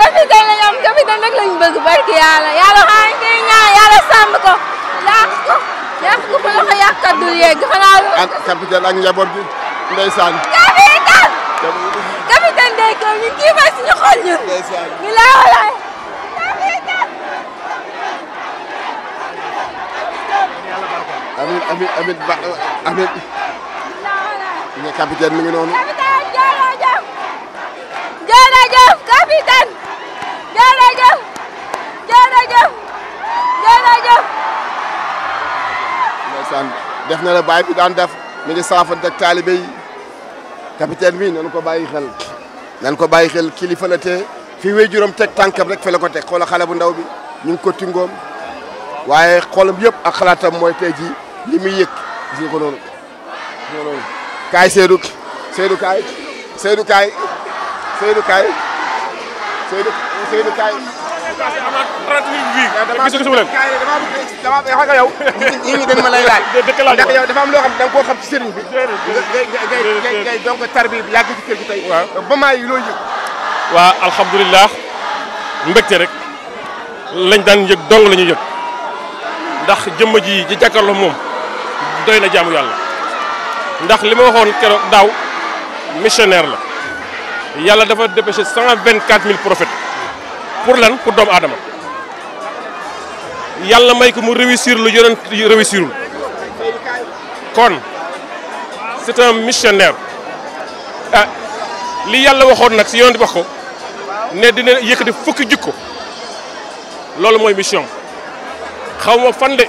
capitaine lañ am capitaine rek lañ bëgg barki yàlla yàlla xaaral ñu koy ñaan yàlla sàmm ko yàq ko yàq ko ba loxo yàqkat dul yegg xanaa. ak capitaine ak njaboot bi ndeysaan. capitaine. capitaine day ko ñu kii ba suñu xol ñun. ndeysaan ñu laa walaay. amiin amiin amiin ba amiin. ñu capitaine mi ngi noonu. capitaine jërëjëf. jërëjëf. def na la bàyyi bi daan def mi ngi saafante ak taalibe yi capitaine bi ko bàyyi xel nañ ko bàyyi xel kilifa la te fi wéjuram teg tànkam rek fa ko teg xoola xale bu ndaw bi ñu ngi ko tingoom waaye xoolam yëpp ak xalaatam mooy tey ji li muy yëg gis ko noonu gis nga noonu kaay Seydou kaay Seydou kaay Seydou kaay Seydou kaay dama wax nga yow am loo xam da nga koo xam ci sëriñ bi ngay ngay donc tarbi bi kër gi tey ba maa yi looy yëg waaw alhamdulilah mbégte rek lañ daan yëg dong lañu ñu yëg ndax jëmm ji ji jàkkaarloo moom doy na jaamu yàlla ndax li ma waxoon keroog daaw missionnaire la yàlla dafa dépêché cent vingt quatre mille pour lan pour doomu aadama yàlla may ko mu réussir lu yonent réussirul kon c'est un missionnaire ah li yàlla waxoon nag si yonent wax ko ne dina yëkkati fukki jikko loolu mooy mission xawma ma fan de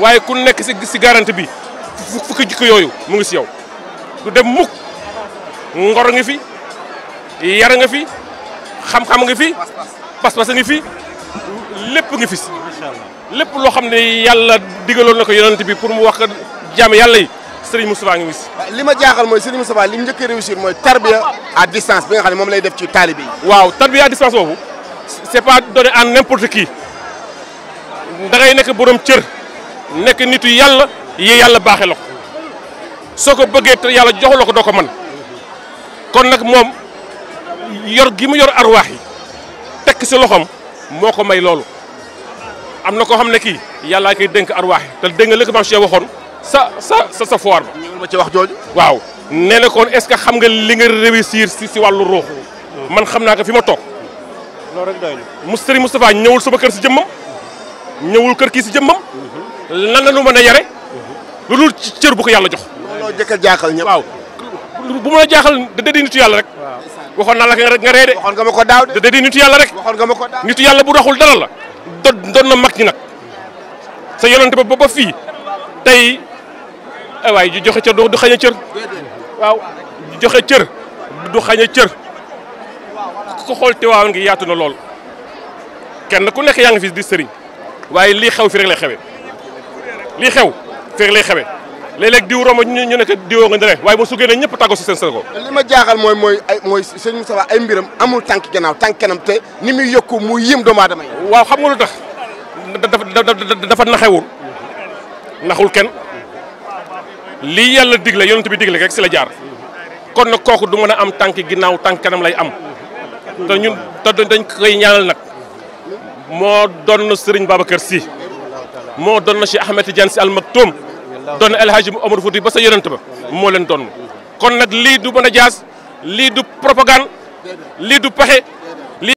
waaye ku nekk si si garanti bi fukki jikko yooyu mu ngi si yow du dem mukk ngor fi yar nga fi xam-xam nga fi pas-pas a ngi fi lépp ngi fi si lépp loo xam ne yàlla digaloon na ko yonent bi pour mu wax ko jaam yàlla yi Serigne Moustapha ngi wis li ma jaaxal mooy Serigne Moustapha li mu njëkk a réussir mooy tarbiya à distance bi nga xam ne moom lay def ci taalibe yi waaw tarbiya à distance boobu c'est pas donné à n'importe qui da ngay nekk borom cër nekk nitu yàlla yi yàlla baaxee la ko soo ko bëggee te yàlla joxu la ko doo ko mën kon nag moom yor gi mu yor arwaax yi tekk si loxoom moo ko may loolu am na koo xam ne kii yàllaa koy dénk arwaax te dégg nga li ko a Cheikh waxoon sa sa sa sa foire ba. ma ci wax jooju. waaw nee na kon est-ce que xam nga li nga réussir si si wàllu ruux. man xam naa ko fi ma toog. loolu rek doy na. Serigne Moustapha ñëwul sama kër si jëmmam. ñëwul kër kii si jëmmam. lan la nu mën a yare. lu dul cër bu ko yàlla jox. looloo jëkk a jaaxal ñëpp. bu mën a jaaxal da di nitu yàlla rek. waxoon na la nga rey de. waxoon nga ma ko daaw de. da di nitu yàlla rek. waxoon nga ma ko yàlla bu doxul dara la. doon doon na mag ñi nag sa yonante ba ba fii tey waaye joxe cër du xañ cër. waaw joxe cër du xañ a cër ku ngi yaatu na lool kenn ku nekk yaa ngi fi di sëriñ waaye lii xew fi rek lay xewe lii xew fi rek lay xewe léeg diw romb ñu ñu nekk diwoo nga ne waaye bu su génnee ñëpp tàggoo si seen sago li ma jaaxal mooy mooy ay mooy sëñ Moustapha ay mbiram amul tànk gannaaw tànk kanam te ni muy yokku mu yim doomu aadama yi waaw xam nga lu tax dafa naxewul naxul kenn lii yàlla digle yonent bi digle rek si la jaar kon nag kooku du mën a am tànk ginnaaw tànk kanam lay am te ñun te dañ koy ñaanal nag moo doon na Serigne Babacar moo doon na Cheikh Ahmed Tidiane Sy Al Maktoum doon El Hadji Omar Fouti ba sa yonent ba moo leen doon kon nag lii du mën a jaas lii du propagande lii du pexe